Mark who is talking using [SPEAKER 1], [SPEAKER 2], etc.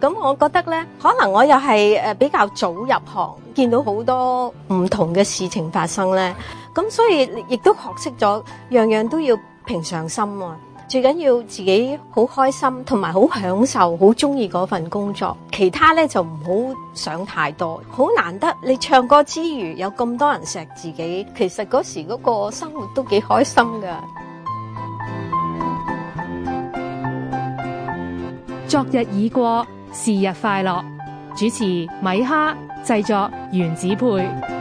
[SPEAKER 1] 咁我覺得咧，可能我又係誒比較早入行，見到好多唔同嘅事情發生咧。咁所以亦都學識咗，樣樣都要平常心啊。最緊要自己好開心，同埋好享受，好中意嗰份工作。其他咧就唔好想太多。好難得你唱歌之餘有咁多人錫自己，其實嗰時嗰個生活都幾開心噶。
[SPEAKER 2] 昨日已過。是日快樂，主持米哈，製作原子配。